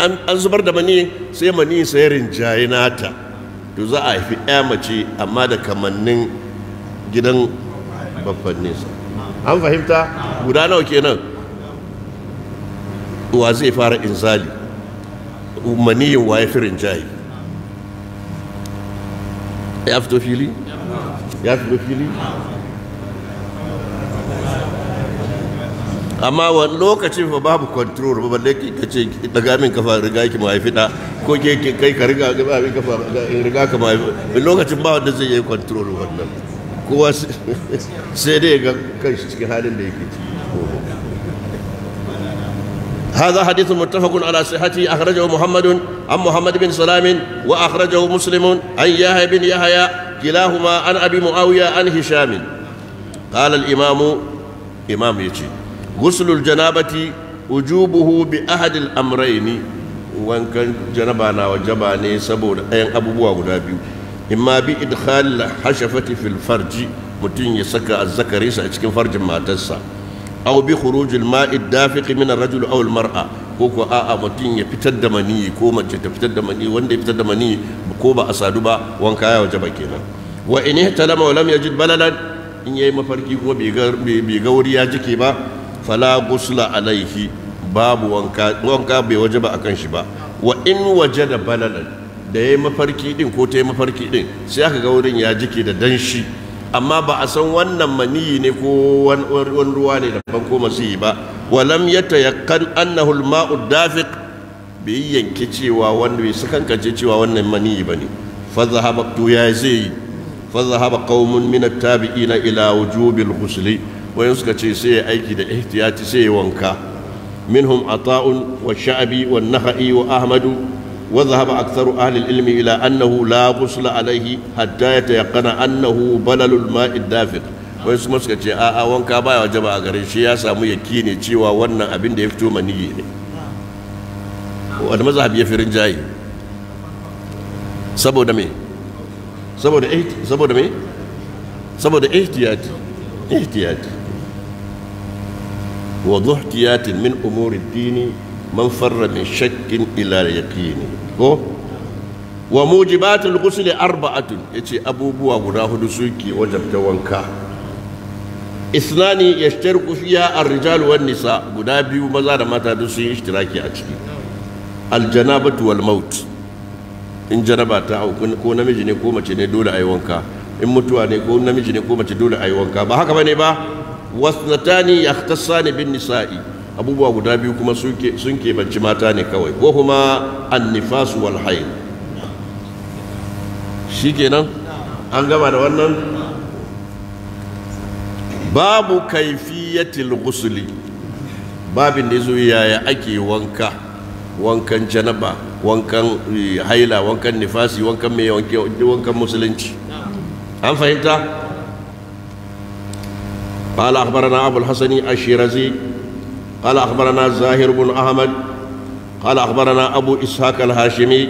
S1: an zubar da maniyin sai maniyin sai rinjaye nata to za a haifi ɗaya mace amma da kamannin gidan babban nesa an fahimta guda nawa kenan wa zai fara inzali maniyin wa ya fi rinjaye ya fito fili ya fito fili amma wani lokacin fa babu control ba balle ka ce daga min kafa riga ki mai fita ko ke kai ka riga ga babu kafa riga ka mai lokacin ba wanda zai yi control wannan kowa sai dai ga kanshi cikin halin da yake ciki هذا حديث متفق على صحته أخرجه محمد عن محمد بن سلام وأخرجه مسلم عن يحيى بن يحيى كلاهما عن أبي معاوية عن هشام قال الإمام إمام يجي غسل الجنابة وجوبه بأحد الأمرين وان كان جنبانا وجباني سبود أين أبو بوا imma bi idkhal hashafati fil farji mutum ya saka azzakarinsa a cikin farjin matarsa aw bi khuruj al ma'i dafiq min ar rajul aw al mar'a ko ko a'a mutum ya fitar da mani ko mace ta fitar da mani wanda ya fitar da mani ko ba a sadu ba wanka ya waje ba kenan wa in ihtalama wa lam yajid balalan in yayi mafarki ko bai ga wuri ya jike ba fala ghusla alaihi babu wanka wanka bai waje ba akan shi ba wa in wajada balalan da ya mafarki din ko ta yi mafarki din sai aka ga wurin ya jike da danshi amma ba a san wannan maniyi ne ko wani ruwa ne daban ko masihi ba walam ya tayakkan annahu al-ma'u dafiq bi yanke cewa wanda bai sakankance cewa wannan maniyi bane fa zahaba to ya zai fa zahaba qaumun min at-tabi'ina ila wujubil ghusli wayan suka ce sai aiki da ihtiyati sai ya wanka minhum ata'un wa sha'bi wa naha'i wa ahmadu وذهب أكثر أهل العلم إلى أنه لا غسل عليه حتى يتيقن أنه بلل الماء الدافق wai su suka ce a'a wanka baya wajaba a gare shi ya samu yaki ne cewa wannan abin da ya fito maniyi ne wanda mazhabi ya firin jayi saboda me saboda saboda me saboda ihtiyati ihtiyati wa dhuhtiyatin min umuri dini man farra min shakkin ila yaqini ko wa mujibatul ghusl arba'atun yace abubuwa guda hudu suke wajabta wanka isnani yashtariku fiya ar-rijal wan nisa guda biyu maza da mata duk sun ishtiraki a ciki al-janabatu wal maut in janaba ta ko namiji ne ko mace ne dole ayi wanka in mutuwa ne ko namiji ne ko mace dole ayi wanka ba haka bane ba wasnatani yahtassani bin nisa'i abubuwa guda biyu kuma sun banci mata ne kawai ko kuma annifasu wal haid shikenan an gama da wannan babu kaifiyatil ghusli babin da yazo yaya ake wanka wankan janaba wankan eh, haila wankan nifasi wankan mai wankan musulunci an fahimta قال أخبرنا أبو الحسن الشيرازي قال أخبرنا زاهر بن أحمد قال أخبرنا أبو إسحاق الهاشمي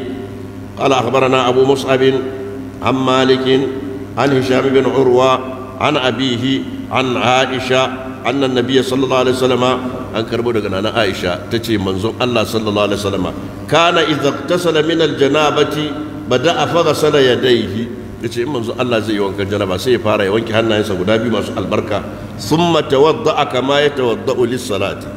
S1: قال أخبرنا أبو مصعب عن مالك عن هشام بن عروة عن أبيه عن عائشة أن النبي صلى الله عليه وسلم أن كربو دغنا أنا عائشة تتي منزوم الله صلى الله عليه وسلم كان إذا اغتسل من الجنابة بدأ فغسل يديه yace in manzo Allah zai yi wankan janaba sai ya fara ya wanke hannayensa guda biyu masu albarka sun summa tawadda'a kama yatawadda'u lis-salati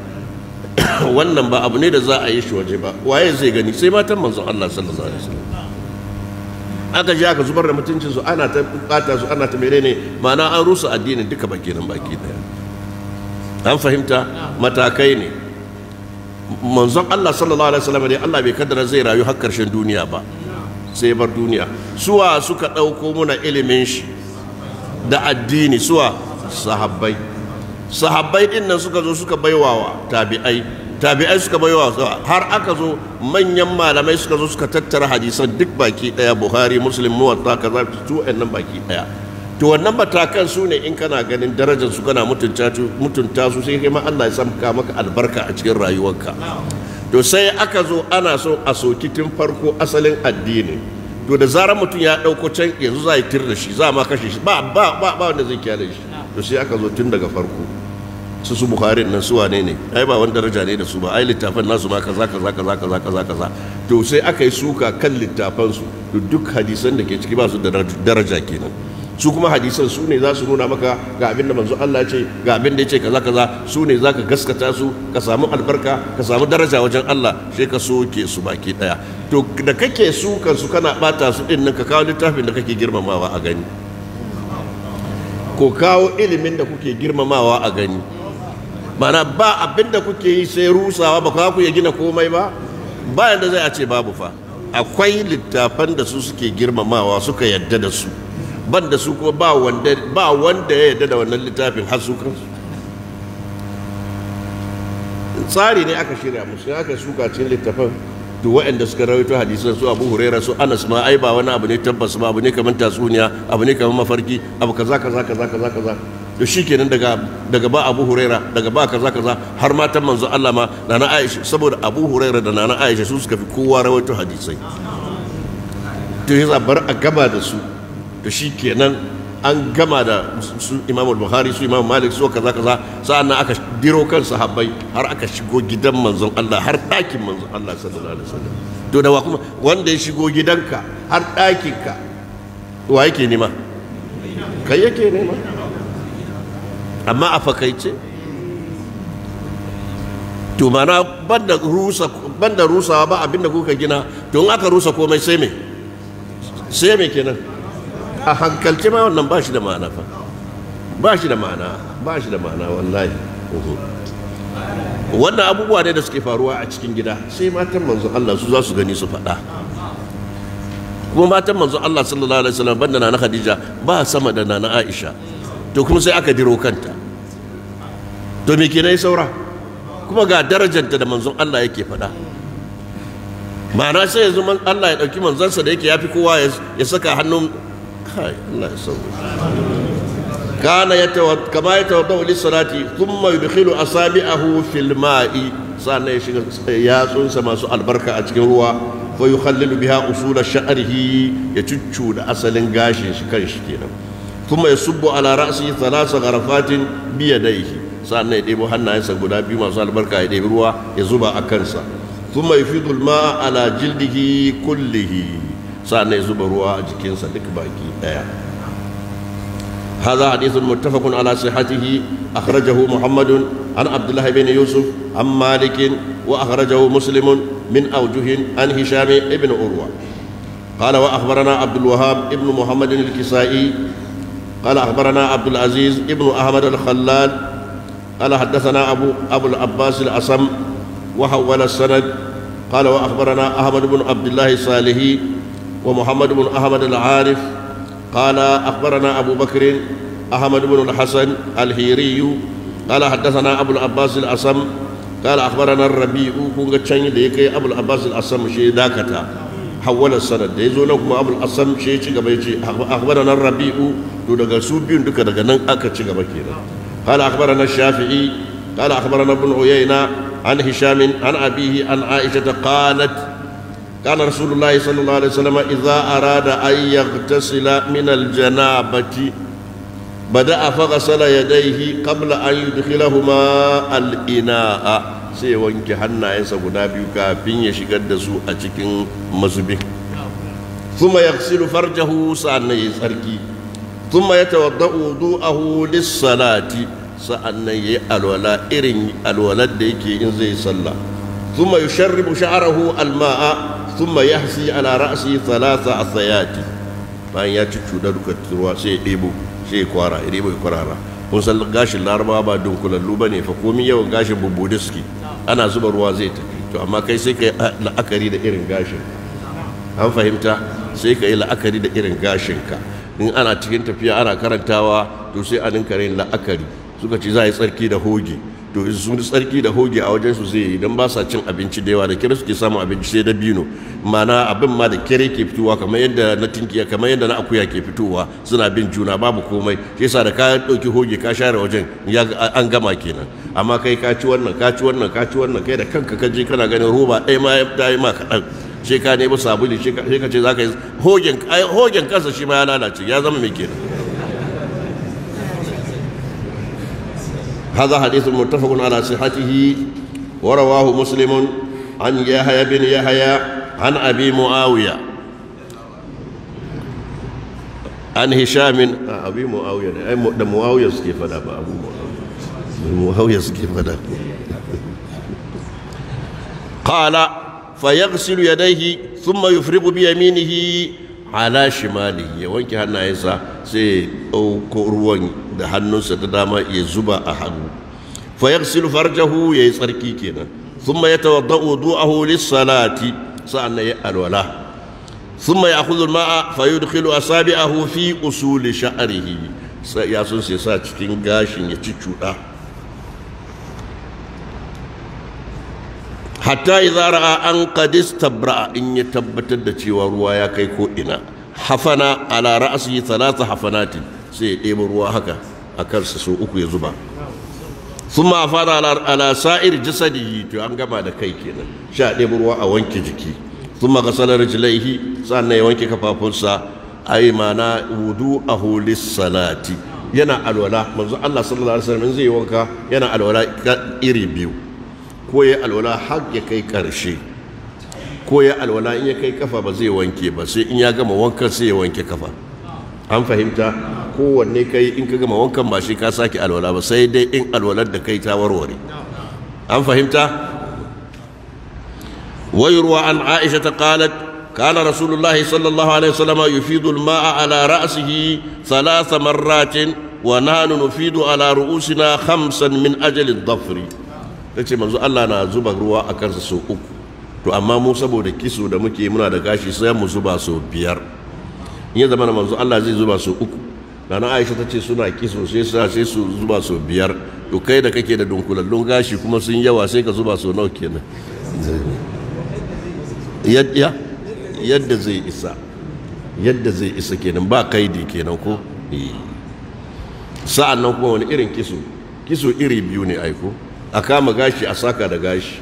S1: wannan ba abu ne da za a yi shi waje ba waye zai gani sai matan manzo Allah sallallahu alaihi wasallam aka je aka zubar da mutuncin su ana ta bata su ana ta menene ma'ana an rusa addinin duka baki nan baki daya an fahimta matakai ne manzon Allah sallallahu alaihi wasallam ne Allah bai kaddara zai rayu har karshen duniya ba sai bar duniya suwa suka ɗauko muna ilimin shi da addini suwa sahabbai sahabbai din nan suka zo suka baiwawa tabi'ai tabi'ai suka baiwa har aka zo manyan malamai suka zo suka tattara hadisan duk baki daya buhari muslim muwatta kaza su nan baki daya to wannan matakan su ne in kana ganin darajar su kana mutunta su sai kai ma Allah ya samka maka albarka a cikin rayuwarka to sai aka zo ana so a soki tun farko asalin addini to da zarar mutum ya ɗauko can yanzu za a tir da shi za ma kashe shi ba ba ba ba wanda zai kyale shi to sai aka zo tun daga farko su su bukhari nan su wane ne ai ba wani daraja ne da su ba ai littafan nasu ma kaza kaza kaza kaza kaza kaza to sai aka yi suka kan littafan su duk hadisan da ke ciki ba su da daraja kenan su kuma hadisan su ne za su nuna maka ga abin da manzo Allah ce ga abin da ya ce kaza kaza su ne za ka gaskata su ka samu albarka ka samu daraja wajen Allah sai ka soke su baki daya to da kake su kan su kana bata su din nan ka kawo littafin da kake girmamawa a gani ko kawo ilimin da kuke girmamawa a gani mana ba abin da kuke yi sai rusawa ba ka ku ya gina komai ba ba yadda zai a ce babu fa akwai littafan da su suke girmamawa suka yadda da su ban da su kuma ba wanda ba wanda ya yarda da wannan littafin har su kansu tsari ne aka shirya musu aka suka cikin littafin to waɗanda suka rawaito hadisan su Abu Huraira su Anas ma ai ba wani abu ne tabbas ba abu ne kamar tasuniya abu ne kamar mafarki abu kaza kaza kaza kaza kaza to shikenan daga daga ba Abu Huraira daga ba kaza kaza har ma ta manzo Allah ma nana Aisha saboda Abu Huraira da nana Aisha su suka fi kowa rawaito hadisai to yasa bar a gaba da su to shi kenan an gama da su imam bukhari su imam malik su kaza kaza sa'an nan aka diro kan sahabbai har aka shigo gidan manzon Allah har ɗakin manzon Allah sallallahu alaihi wasallam to da kuma wanda ya shigo gidanka har ɗakinka wa yake nema kai yake nema amma a fakaice to mana banda rusa banda rusawa ba abinda kuka gina to in aka rusa komai sai me sai me kenan a hankalce ma wannan ba shi da ma'ana fa ba shi da ma'ana ba shi da ma'ana wallahi wannan abubuwa ne da suke faruwa a cikin gida sai matan manzon Allah su za su gani su faɗa kuma matan manzon Allah sallallahu alaihi wasallam banda na Khadija ba sama da na Aisha to kuma sai aka diro kanta to me kenan saura kuma ga darajanta da manzon Allah yake faɗa ma'ana sai yanzu Allah ya ɗauki manzansa da yake ya fi kowa ya saka hannun Ka Allah ya sauke kana yatawadda kama yatawadda li salati thumma yudkhilu asabi'ahu fil ma'i sannan ya shiga eh, yatsunsa masu albarka a cikin ruwa fa yukhallilu biha usul sha'rihi ya cuccu da asalin gashin shi kan shi kenan thumma yasubbu ala ra'si thalatha gharafatin bi yadayhi sannan ya debo hannayensa guda biyu masu albarka ya debi ruwa ya zuba a kansa thumma mai al-ma'a ala jildihi kullihi sa'annan ya zuba ruwa a jikinsa duk baki daya هذا حديث متفق على صحته أخرجه محمد عن عبد الله بن يوسف عن مالك وأخرجه مسلم من أوجه عن هشام بن أروى قال وأخبرنا عبد الوهاب بن محمد الكسائي قال أخبرنا عبد العزيز بن أحمد الخلال قال حدثنا أبو أبو العباس الأسم وحول السند قال وأخبرنا أحمد بن عبد الله الصالحي ومحمد بن أحمد العارف قال أخبرنا أبو بكر أحمد بن الحسن الهيري قال حدثنا أبو العباس الأسم قال أخبرنا الربيع كونغ تشاني ديكي أبو العباس الأسم شي داكتا حول السند يزو لكم أبو الأسم شي شي أخبرنا الربيع دو دغا سوبيون دوكا دغا نان أكا شي قال أخبرنا الشافعي قال أخبرنا ابن عيينة عن هشام عن أبيه عن عائشة قالت كان رسول الله صلى الله عليه وسلم إذا أراد أن يغتسل من الجنابة بدأ فغسل يديه قبل أن يدخلهما الإناء sai wanke hannayensa guda biyu kafin ya shigar da su a cikin mazubin kuma ya silu farjahu sa'annan ya tsarki kuma ya tawadda wudu'ahu lissalati sa'annan ya yi alwala irin alwalar da yake in zai sallah ثم يشرب شعره الماء ثم يحسي على salasa a عصيات bayan ya cuccuda duka ruwa sai ya ɗebo sai ya kwara ya ɗebo ya kwarara kun san gashin larabawa ba dunkulallu ba ne fa komi yawan gashin bubbude ana zuba ruwa zai tafi to amma kai sai ka yi la'akari da irin gashin an fahimta sai ka yi la'akari da irin gashinka in ana cikin tafiya ana karantawa to sai a ninka la'akari suka ce za a yi tsarki da hoge to sun tsarki da hoge a wajen su zai yi Idan ba sa cin abinci da yawa da kira suke samun abinci sai da bino mana abin ma da kere ke fitowa kamar yadda na tinkiya kamar yadda na akuya ke fitowa suna bin juna babu komai shi yasa da ka dauki hoge ka share wajen ya an gama kenan amma kai ka ci wannan ka ci wannan ka ci wannan kai da kanka ka je kana ganin roba ɗaya ma ya ma kaɗan sai ka nemi sabulu sai ka ce za ka yi hogen kansa shi ma ya lalace ya zama mai kenan هذا حديث متفق على صحته ورواه مسلم عن يحيى بن يحيى عن أبي معاوية عن هشام أبي معاوية أي معاوية كيف أنا أبو معاوية معاوية كيف أنا قال فيغسل يديه ثم يفرغ بيمينه ala shimali ya wanke hannayensa sai ɗauko ruwan da hannunsa ta dama ya zuba a hannu fa yaghsilu farjahu yayi tsarki kenan tawadda yatawadda'u a lis-salati sa'anna ya alwala thumma ya'khudhu al-ma'a fa yudkhilu asabi'ahu fi usuli sha'rihi ya sun sai sa cikin gashin ya ci cuɗa. hatta idza ra'a an qad istabra'a in ya tabbatar da cewa ruwa ya kai ko ina hafana ala ra'si thalatha hafanatin sai ya debo ruwa haka a su uku ya zuba thumma afara ala ala sa'ir jasadihi to an gama da kai kenan sha debo ruwa a wanke jiki thumma ghasala rijlaihi sannan ya wanke kafafunsa ai mana ahu lis-salati yana alwala manzo Allah sallallahu alaihi wasallam zai wanka yana alwala iri biyu ko ya alwala har ya kai ƙarshe ko ya alwala in ya kai kafa ba zai wanke ba sai in ya gama wankan sai ya wanke kafa an fahimta kowanne kai in ka gama wankan ba shi ka sake alwala ba sai dai in alwalar da kai ta warware an fahimta ويروى عن عائشة قالت كان رسول الله صلى الله عليه وسلم يفيض الماء على رأسه ثلاث مرات ونحن نفيض ala رؤوسنا خمسا min أجل الضفر ta ce manzo Allah na zuba ruwa a kansa sau uku to amma mu saboda kisu da muke muna da gashi sai mu zuba sau biyar in ya zama manzo Allah zai zuba sau uku nana Aisha ta ce suna kisu sai su sai su zuba sau biyar to kai da kake da dunkulallun gashi kuma sun yawa sai ka zuba sau nawa kenan yadda yadda zai isa yadda zai isa kenan ba kaidi kenan ko eh. sa'an nan kuma wani irin kisu kisu iri biyu ne aiko a kama gashi a saka da gashi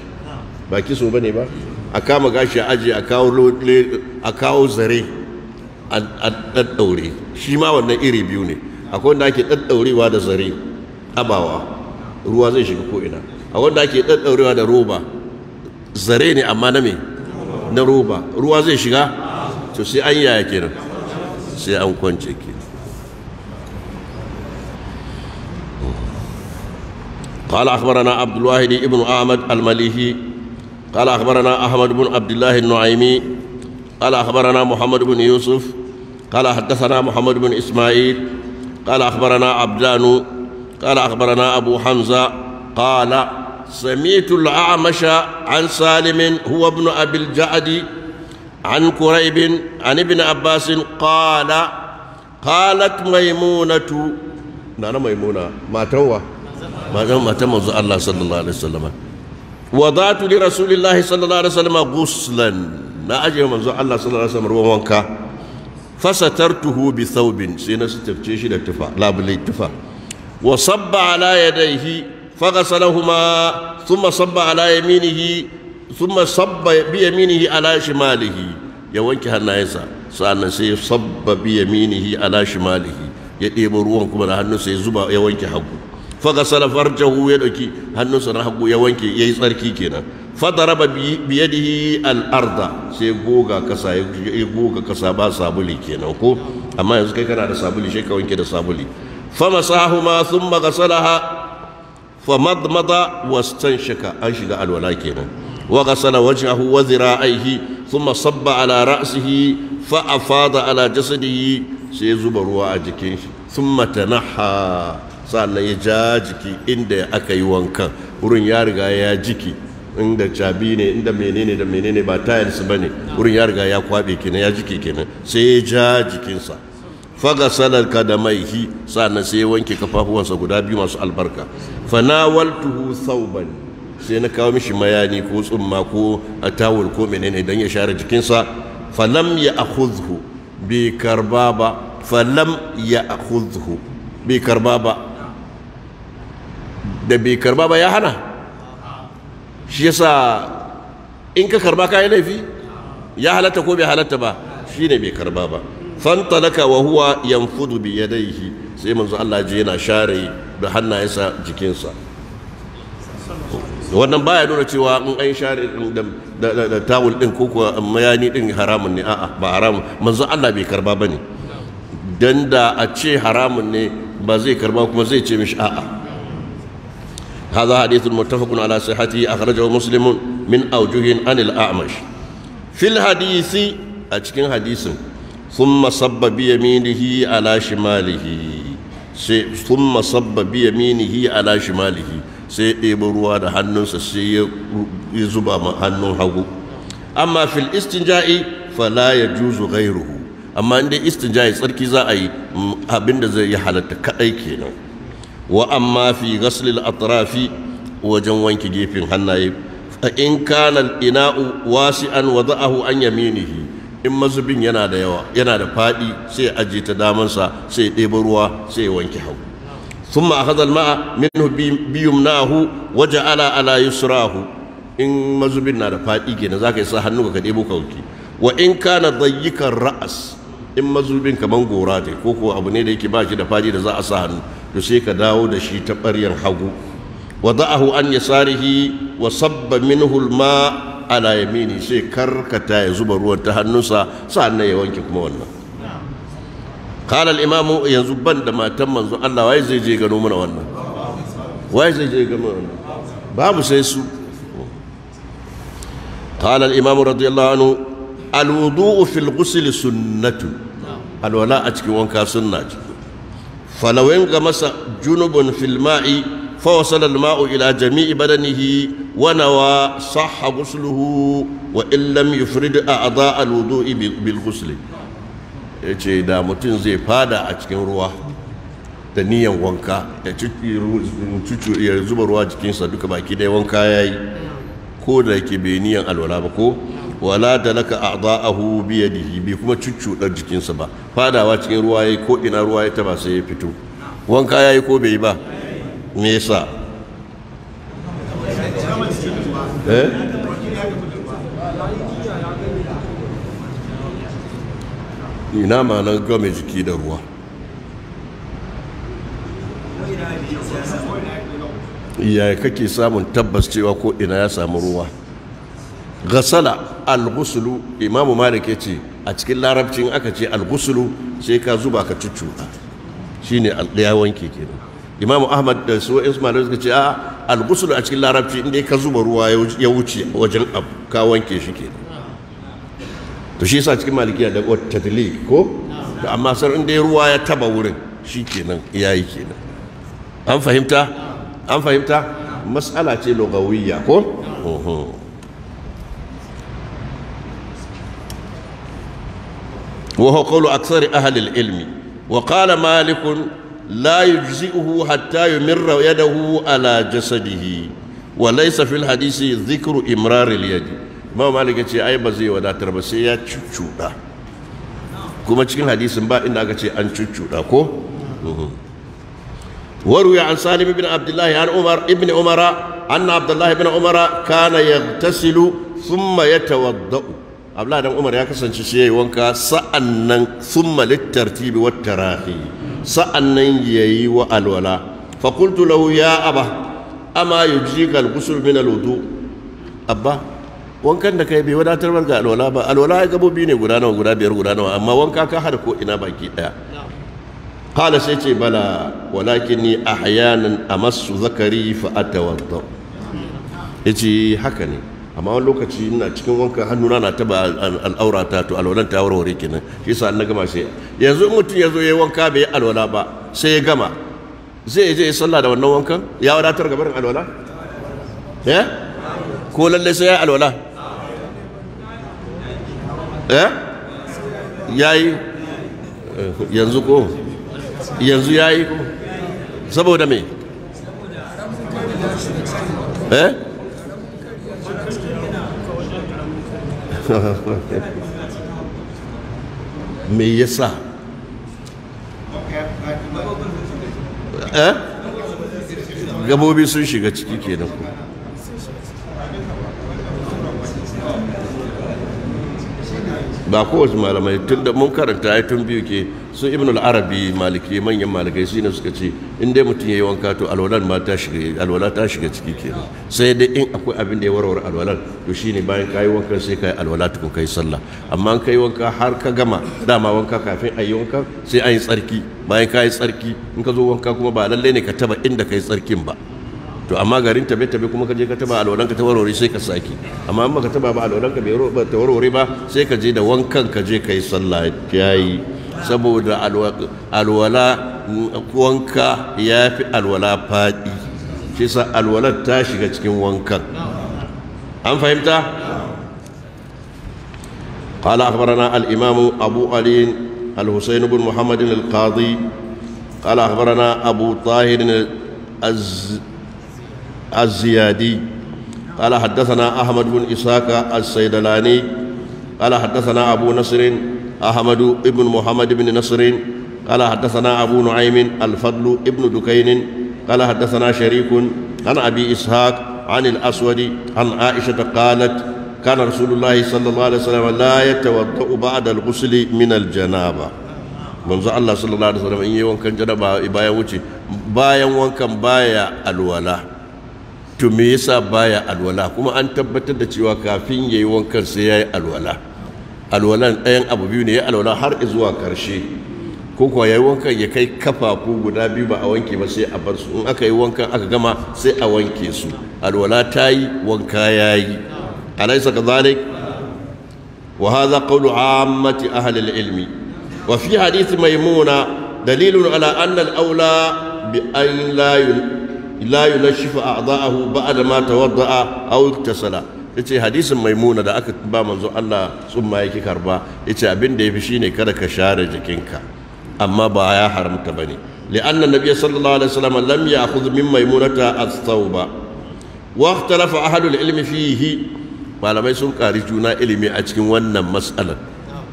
S1: ba kiso bane ba a kama gashi a aje a kawo zare a ɗaɗɗaure shi ma wannan iri biyu ne akwai wanda ake ɗaɗɗaurewa da zare abawa ruwa zai shiga ko'ina. A a wanda ake ɗaɗɗaurewa da roba zare ne amma na me na roba ruwa zai shiga to sai an yaya kenan sai an kwance kenan قال أخبرنا عبد الواحد بن أحمد المليحي قال أخبرنا أحمد بن عبد الله النعيمي قال أخبرنا محمد بن يوسف قال حدثنا محمد بن إسماعيل قال أخبرنا عبدان قال أخبرنا أبو حمزة قال سمعت الأعمش عن سالم هو ابن أبي الجعد عن كريب عن ابن عباس قال قالت ميمونة نانا ميمونة ما توه matan matan manzo Allah sallallahu alaihi wasallam wadatu li sallallahu alaihi wasallam na ajiye manzo Allah sallallahu alaihi wasallam ruwan wanka fasatartuhu bi thawbin sai na sitarce shi da tufa labulai tufa wa sabba ala yadayhi فغسلهما ثم sabba على يمينه ثم صب Ya wanke hannayensa sannan sai sabba سأنا سي صب بيمينه Ya ɗebo ruwan kuma da هنو سي zuba ya wanke hagu. faghasala farjahu ya dauki hannunsa na hagu ya wanke yayi tsarki kenan fadaraba biyadihi al-arda sai goga kasa ya goga kasa ba sabuli kenan ko amma yanzu kai kana da sabuli sai ka wanke da sabuli famasahuma thumma ghasalaha famadmada wastanshaka an shiga alwala kenan wa ghasala wajhahu wa dhira'aihi thumma sabba ala ra'sihi fa afada ala jasadihi sai zuba ruwa a jikin shi thumma tanaha sannan ya ja jiki inda aka yi wankan wurin ya riga ya jiki inda cabi ne inda menene da menene ba tiles ba ne wurin ya riga ya kwabe kenan ya jiki kenan sai ya ja jikinsa faga salar ka da hi sannan sai ya wanke kafafuwansa guda biyu masu albarka fanawaltuhu sauban sai na kawo mishi mayani ko tsumma ko a tawul ko menene don ya share jikinsa falam ya akhudhu bi karba ba falam ya akhudhu bi karba ba da bai karba ba ya hana shi yasa in ka karba ka yi laifi ya halatta ko bai halatta ba ne bai karba ba fantalaka wa huwa yanfudu bi yadayhi sai manzo Allah ji yana share da hannayensa jikinsa wannan baya nuna cewa in an share da tawul din ko kuwa mayani din haramun ne a'a ba haramun manzo Allah bai karba bane dan da a ce haramun ne ba zai karba kuma zai ce mishi a'a هذا حديث متفق على صحته أخرجه مسلم من أوجه عن الأعمش في الحديث أتكين حديث ثم صب بيمينه على شماله ثم صب بيمينه على شماله sai ɗebo ruwa da hannunsa sai ya zuba ma hannun hagu amma fil istinja'i fala ya juzu ghairuhu amma inda istinja'i tsarki za a yi abinda zai yi halarta kaɗai kenan wa amma fi ghaslil atrafi wajen wanke gefen hannaye fa in kana al-ina'u wasi'an wada'ahu an yaminihi in mazubin yana da yawa yana da fadi sai aje ta sa, sai ɗebo ruwa sai wanke hau thumma akhadha al-ma'a minhu bi yumnahu wa ja'ala ala yusrahu in mazubin na da fadi kenan zaka yi sa hannu ka ɗebo ka wanke wa in kana dayyikan ra'as in mazubin kaman gora ne ko ko abu ne da yake ba shi da fadi da za a sa hannu to sai ka dawo da shi ta ɓaryan hagu wada'ahu an yasarihi wa sabba minhu alma ala yamini sai karkata ya zuba ruwan ta hannunsa sa'annan ya wanke kuma wannan qala al-imam yanzu ban da matan manzo Allah wai zai je gano mana wannan wai zai je gano wannan babu sai su قال الإمام رضي الله عنه الوضوء في الغسل سنة الولاء أتكي وانكا سنة فلو انغمس جنب في الماء فوصل الماء إلى جميع بدنه ونوى صح غسله وإن لم يفرد أعضاء الوضوء بالغسل yace da mutum zai fada a cikin ruwa da niyan wanka ya zuba ruwa jikinsa duka baki dai wanka ya yi ko da ke bai niyan alwala ba ko wala da laka a'dha'ahu bi yadihi bi kuma cuccuɗar jikinsa ba fadawa cikin ruwa ya yi ko ina ruwa ya taba sai ya fito wanka ya yi ko bai ba me yasa eh ina ma nan game jiki da ruwa ya kake samun tabbas cewa ko ina ya samu ruwa gasala al-ghuslu imamu malik ce a cikin larabcin aka ce al-ghuslu sai ka zuba ka cuccuɗa Shi al-ya wanke kenan imamu ahmad da su malar suka ce a al-ghuslu a cikin larabci inda ka zuba ruwa ya wuce wajen abu ka wanke shi kenan to shi yasa cikin malikiya da tadli ko amma sar inda ruwa ya taba wurin shi kenan yayi kenan an fahimta an fahimta mas'ala ce lugawiyya ko وهو قول أكثر أهل العلم وقال مالك لا يجزئه حتى يمر يده على جسده وليس في الحديث ذكر إمرار اليد ما مالك يتي أي بزي ولا تربسي يا تشوتشودا كما تشكين حديث با إن أكتي أن تشوتشودا كو وروي عن سالم بن عبد الله عن عمر ابن عمر أن عبد الله بن عمر كان يغتسل ثم يتوضأ abdullahi dan umar ya kasance shi yayi wanka sa'annan thumma litartibi wat tarahi sa'annan yayi wa alwala fa qultu lahu ya aba ama yujika al-ghusl min al-wudu abba wankan da kai bai wadatar ga alwala ba alwala ya gabobi ne guda nawa guda biyar guda nawa amma wanka ka hada ko ina baki daya qala sai ce bala walakinni ahyanan amassu zakari fa atawadda yace haka ne amma wani lokaci ina cikin wanka hannuna na taba al'aura ta to alwalan ta warware kenan shi sa na gama sai yanzu mutum ya zo ya wanka bai alwala ba sai ya gama zai je ya sallah da wannan wankan ya wadatar ga barin alwala ya eh? ko lalle sai ya alwala eh? ya yayi yanzu ko yanzu yayi ko saboda me eh me yasa eh? gabobi sun shiga ciki kenan ku ba kowace malamai tunda mun karanta ya tun biyu ke su ibn al-arabi maliki manyan malikai shi ne suka ce in dai mutum ya yi wanka to alwalan ma ta shiga alwala ta shiga ciki ke sai dai in akwai abin da ya warwar alwalan to shine bayan kayi wanka sai kayi alwala tuku kai sallah amma kai wanka har ka gama dama wanka kafin a yi wanka sai an yi tsarki bayan kayi tsarki in ka zo wanka kuma ba lallai ne ka taba inda kai tsarkin ba to amma garin tabe tabe kuma ka je ka taba alwalan ka ta warware sai ka saki amma amma ka taba ba alwalan ka bai ta warware ba sai ka je da wankan ka je kai sallah yayi saboda alwala wanka ya fi alwala faɗi shi sa alwalar ta shiga cikin wankan an fahimta قال أخبرنا الإمام أبو علي الحسين بن محمد القاضي قال أخبرنا أبو طاهر الز الزيادي قال حدثنا أحمد بن إسحاق السيدلاني قال حدثنا أبو نصر أحمد بن محمد بن نصر قال حدثنا أبو نعيم الفضل ابن دكين قال حدثنا شريك عن أبي إسحاق عن الأسود عن عائشة قالت كان رسول الله صلى الله عليه وسلم لا يتوضأ بعد الغسل من الجنابة manzo Allah sallallahu alaihi wasallam in yi wankan janaba bayan wuce bayan wankan baya alwala to me yasa baya alwala kuma an tabbatar da cewa kafin yayi wankan sai yayi alwala alwalan ɗayan abu biyu ne ya alwala har zuwa karshe ko kuwa yayi wankan ya kai kafafu guda biyu ba a wanke ba sai a bar su in aka yi wankan aka gama sai a wanke su alwala ta yi wanka ya yi alaysa kadhalik wa hadha qawlu ammati ahli ilmi wa fi hadith maimuna dalilun ala anna al-awla bi an la la yulashifu a'da'ahu ba'da ma tawadda'a aw iktasala yace hadisin maimuna da aka ba manzo Allah tsumma yake karba yace abin da yafi shine kada ka share jikinka amma ba ya haramta bane li'anna nabiyyi sallallahu alaihi wasallam lam ya'khudh min maimunata as-thawba wa ikhtalafa ahlul ilmi fihi malamai sun kari juna ilimi a cikin wannan mas'alar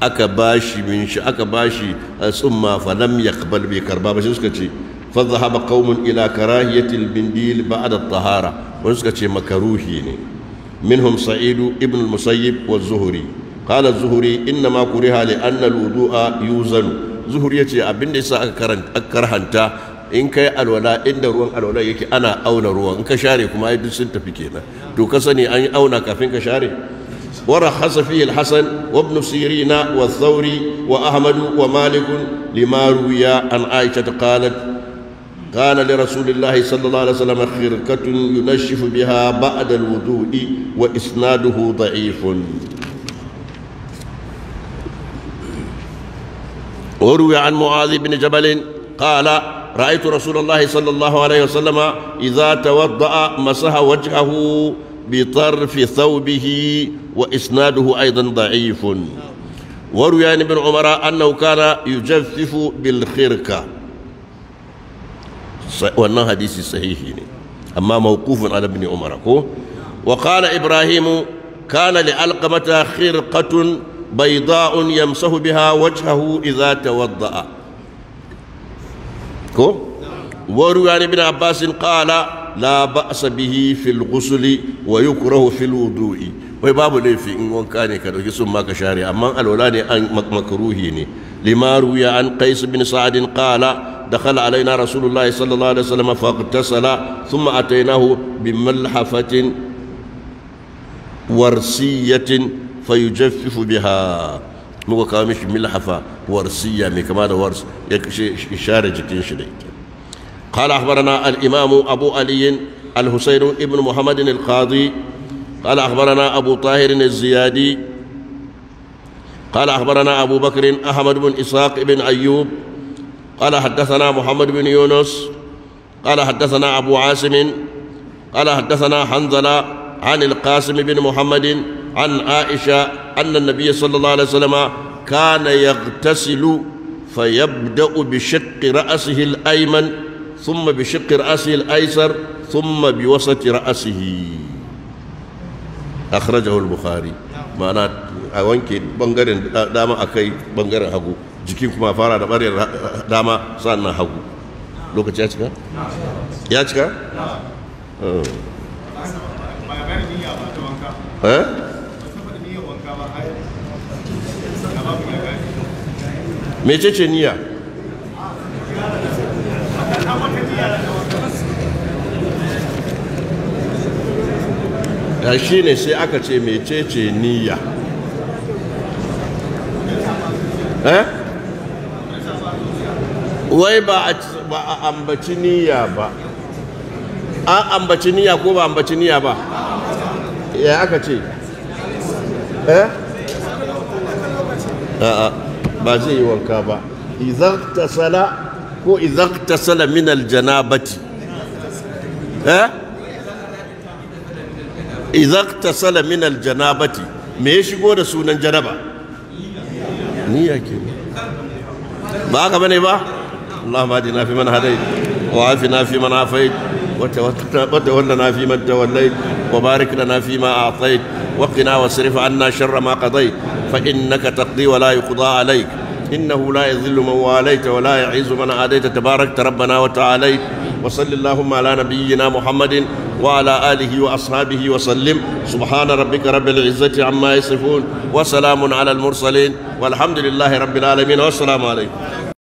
S1: aka bashi min shi aka bashi tsumma fa lam yaqbal bi karba ba sai suka ce fa zahaba qaumun ila karahiyatil bindil ba'da at-tahara wani suka ce makaruhi ne minhum sa'idu ibn al-musayyib wa zuhri qala az-zuhri inna ma kuriha li anna al-wudu'a yuzanu zuhri yace abin da yasa aka karanta karhanta in kai alwala inda ruwan alwala yake ana auna ruwan in ka share kuma ai duk sun tafi kenan to ka sani an auna kafin ka share ورخص فيه الحسن وابن سيرين والثوري وأحمد ومالك لما روي عن عائشة قالت قال لرسول الله صلى الله عليه وسلم خرقة ينشف بها بعد الوضوء وإسناده ضعيف وروي عن معاذ بن جبل قال رأيت رسول الله صلى الله عليه وسلم إذا توضأ مسح وجهه بطرف ثوبه وإسناده أيضا ضعيف وروي عن ابن عمر أنه كان يجفف بالخرقة wannan hadisi sahihi ne amma mawqufun ala ibn umar ko wa qala ibrahim kana li alqamata khirqatun bayda'un yamsahu biha wajhahu idha tawadda'a ko wa ruwan ibn abbas qala la ba'sa bihi fil ghusl wa yukrahu fil wudu'i wai babu laifi in wanka ne ka dauki sun maka share amma alwala ne an ne لما روي عن قيس بن سعد قال دخل علينا رسول الله صلى الله عليه وسلم فاغتسل ثم أتيناه بملحفة ورسية فيجفف بها مو كامش ملحفة ورسية warsiya يعني mai ورس da يعني قال أخبرنا الإمام أبو علي الحسين بن محمد القاضي قال أخبرنا أبو طاهر الزيادي قال أخبرنا أبو بكر أحمد بن إسحاق بن أيوب قال حدثنا محمد بن يونس قال حدثنا أبو عاصم قال حدثنا حنظلة عن القاسم بن محمد عن عائشة أن النبي صلى الله عليه وسلم كان يغتسل فيبدأ بشق رأسه الأيمن ثم بشق رأسه الأيسر ثم بوسط رأسه أخرجه البخاري معناه a wanke bangaren dama a kai bangaren hagu jikin kuma fara da barin dama sannan hagu lokaci ya cika? ya cika? eh? mece ce niyya? shi ne sai aka ce mecece niyya Eh? wai ba a ambaci niyya ba an ambaci niyya ko ba ambaci niyya ba ya aka ce eh a'a ba zai yi wanka ba idan sala ko idan tasala min aljanabati eh idan tasala min aljanabati me ya shigo da sunan janaba niyya ke ba haka bane ba اللهم اهدنا فيمن هديت وعافنا فيمن عافيت وتولنا فيمن توليت وبارك لنا فيما اعطيت وقنا واصرف عنا شر ما قضيت فانك تقضي ولا يقضى عليك انه لا يذل من واليت ولا يعز من عاديت تباركت ربنا وتعاليت وصل اللهم على نبينا محمد وعلى آله وأصحابه وسلم سبحان ربك رب العزة عما يصفون وسلام على المرسلين والحمد لله رب العالمين والسلام عليكم